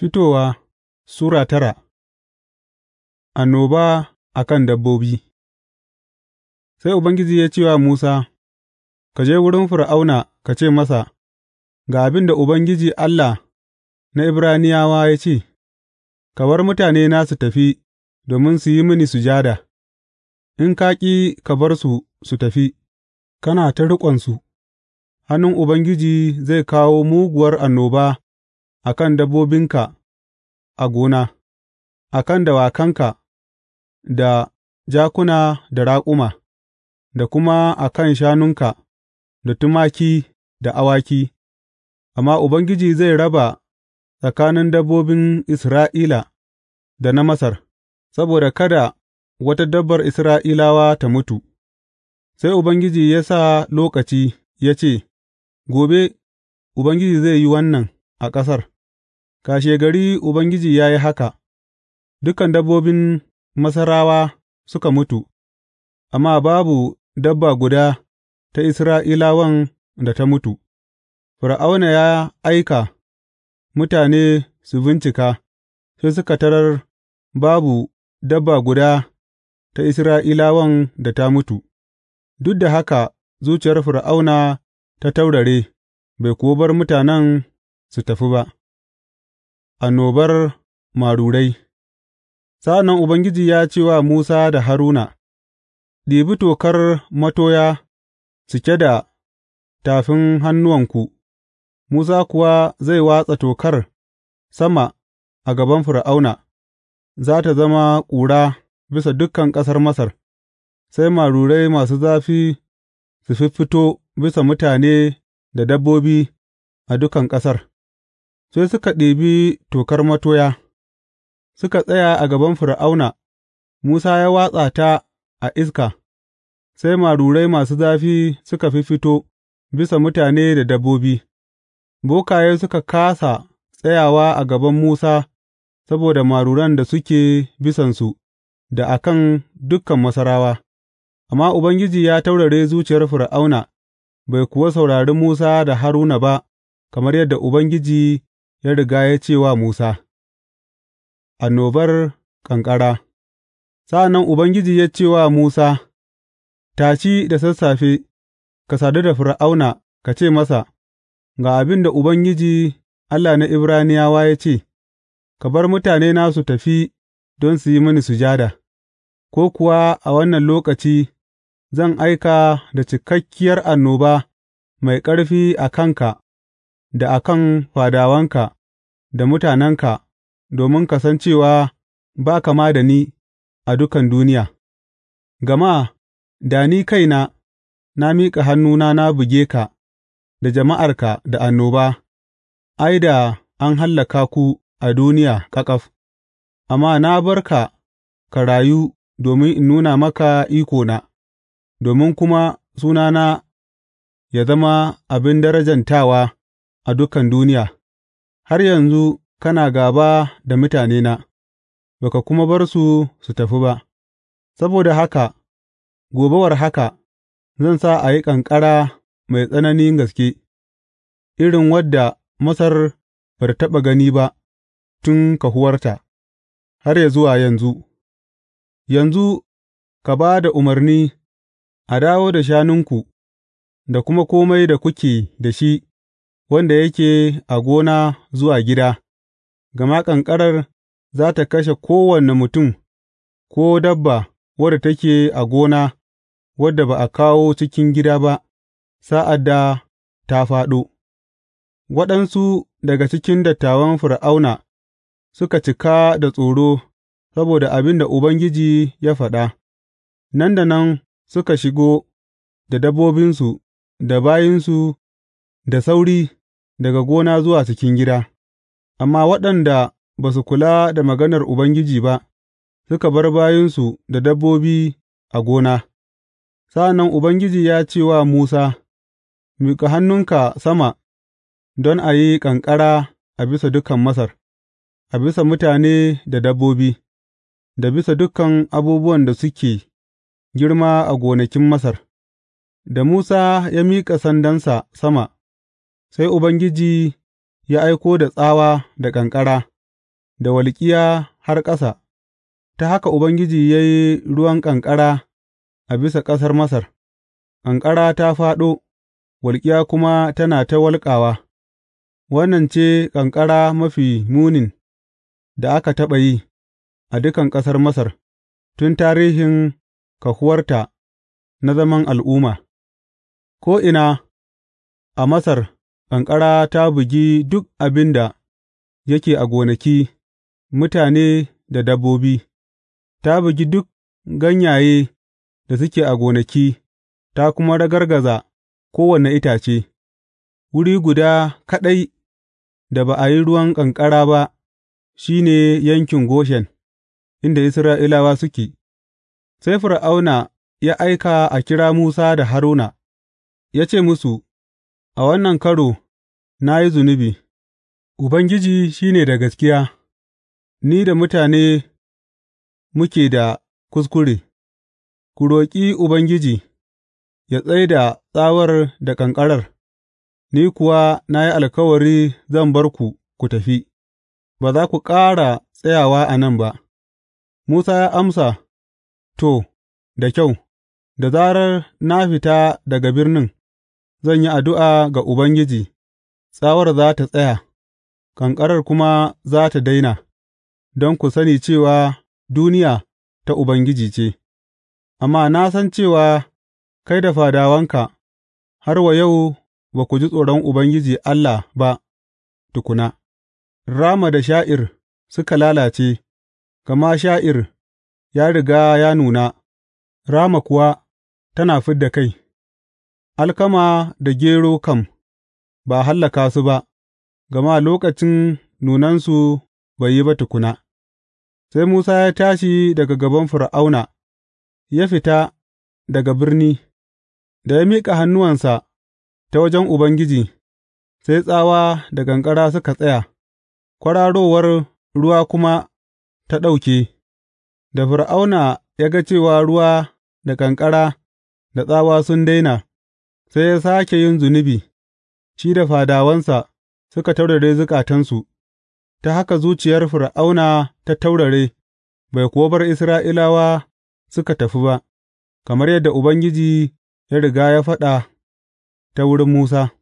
Fitowa Sura tara Annoba a kan dabbobi Sai Ubangiji ya ce wa Musa, Ka je wurin Fir'auna ka ce masa, Ga abin da Ubangiji Allah na Ibraniyawa ya ce, Ka bar mutanena su tafi domin su yi mini sujada, in ka ƙi ka bar su su tafi, kana ta riƙonsu, hannun Ubangiji zai kawo muguwar annoba a kan dabbobinka a gona, a kan dawakanka, da jakuna da raƙuma, da kuma a kan shanunka, da tumaki da awaki, amma Ubangiji zai raba tsakanin dabbobin Isra'ila da na Masar, saboda kada wata dabbar Isra'ilawa ta mutu. Sai Ubangiji ya sa lokaci ya ce, Gobe, Ubangiji zai yi wannan. a ƙasar, kashegari Ubangiji ya yi haka, dukan dabbobin Masarawa suka mutu, amma babu dabba guda ta Isra'ilawan da ta mutu, Fir'auna ya aika mutane su bincika, sai suka tarar babu dabba guda ta Isra'ilawan da ta mutu, duk da haka zuciyar Fir'auna ta taurare, bai kuwa bar mutanen su tafi ba. Annobar marurai Sa'an nan Ubangiji ya ce wa Musa da Haruna, Ɗibi tokar matoya cike da tafin hannuwanku, Musa kuwa zai watsa tokar sama a gaban Fir'auna, za tă zama ƙura bisa dukan ƙasar Masar, sai marurai masu zafi su fito bisa mutane da dabbobi a dukan ƙasar. Sai suka ɗibi tokar matoya, suka tsaya a gaban Fir'auna, Musa ya watsa ta a iska, sai marurai masu zafi suka fito bisa mutane da dabbobi, bokaye suka kasa tsayawa a gaban Musa saboda maruran da suke bisansu da a kan dukan Masarawa, amma Ubangiji ya taurare zuciyar Fir'auna, bai kuwa saurari Musa da Haruna ba, kamar yadda Ubangiji ya riga ya ce wa Musa, Annobar ƙanƙara Sa'an nan Ubangiji ya ce wa Musa, Tashi da sassafe, ka sadu da Fir'auna, ka ce masa, Ga abin da Ubangiji Allah na Ibraniyawa ya ce, Ka bar na su tafi don su yi mini sujada, ko kuwa a wannan lokaci zan aika da cikakkiyar annoba mai ƙarfi a kanka da a kan fadawanka da mutanenka, domin ka san cewa ba kama da ni a dukan duniya, gama da ni kaina na miƙa hannuna na buge ka da jama'arka da annoba, ai, da an hallaka ku a duniya ƙaƙaf, amma na bar ka ka rayu domin in nuna maka ikona, domin kuma sunana ya zama abin darajantawa. a dukan duniya, har yanzu kana gaba da mutanena, ba ka kuma bar su su tafi ba, saboda haka, gobe haka, zan sa a yi ƙanƙara mai tsananin gaske, irin wadda Masar ba ta taɓa gani ba tun kahuwarta, har ya zuwa yanzu, yanzu ka ba da umarni a dawo da shanunku da kuma komai da kuke da shi. wanda yake a gona zuwa gida, gama ƙanƙarar za tă kashe kowane mutum ko dabba wadda take a gona wadda ba a kawo cikin gida ba sa'ad da ta fāɗo. Waɗansu daga cikin dattawan Fir'auna suka cika da tsoro saboda abin da Ubangiji ya faɗa, nan da nan suka shigo da dabbobinsu da bayinsu da sauri. daga gona zuwa cikin gida, amma waɗanda ba su kula da maganar Ubangiji ba, suka bar bayinsu da dabbobi a gona. Sa'an nan Ubangiji ya ce wa Musa, Miƙa hannunka sama don a yi ƙanƙara a bisa dukan Masar, a bisa mutane da dabbobi, da bisa dukan abubuwan da suke girma a gonakin Masar. Da Musa ya miƙa sandansa sama, Sai Ubangiji ya aiko da tsawa da ƙanƙara, da walƙiya har ƙasa, ta haka Ubangiji ya yi ruwan ƙanƙara a bisa ƙasar Masar, ƙanƙara ta fāɗo, walƙiya kuma tana ta walƙawa, wannan ce ƙanƙara mafi munin da aka taɓa yi a dukan ƙasar Masar, tun tarihin kahuwarta na zaman al'umma, ko'ina a Masar. ƙanƙara ta bugi duk abin da yake a gonaki, mutane da dabbobi, ta bugi duk ganyaye da suke a gonaki, ta kuma ragargaza kowane itace, wuri guda kaɗai da ba a yi ruwan ƙanƙara ba shi ne yankin Goshen, inda Isra'ilawa suke, sai Fir'auna ya aika a kira Musa da Haruna, ya ce musu, A wannan karo na yi zunubi; Ubangiji shi ne da gaskiya, ni da mutane muke da kuskure; ku roƙi Ubangiji Ya tsai da tsawar da ƙanƙarar, ni kuwa na yi alkawari zan bar ku ku tafi, ba za ku ƙara tsayawa a nan ba. Musa ya amsa, To, da kyau, da zarar na fita daga birnin. Zan yi addu'a ga Ubangiji, tsawar za tă tsaya, ƙanƙarar kuma za tă daina, don ku sani cewa duniya ta Ubangiji ce, amma na san cewa kai da fadawanka har wa yau ba ku ji tsoron Ubangiji Allah ba tukuna, Rama da sha'ir suka lalace, gama sha'ir ya riga ya nuna, Rama kuwa tana fid da kai. Alkama da gero kam, ba a hallaka su ba, gama lokacin nunansu bai yi ba tukuna, sai Musa ya tashi daga gaban Fir'auna, ya fita daga birni, da ya miƙa hannuwansa ta wajen Ubangiji, sai tsawa da ƙanƙara suka tsaya, kwararowar ruwa kuma ta ɗauke, da Fir'auna ya ga cewa ruwa da ƙanƙara da tsawa sun daina. sai ya sāke yin zunubi, shi da fadawansa suka taurare zukatansu, ta haka zuciyar Fir'auna ta taurare, bai kuwa bar Isra'ilawa suka tafi ba, kamar yadda Ubangiji ya riga ya faɗa ta wurin Musa.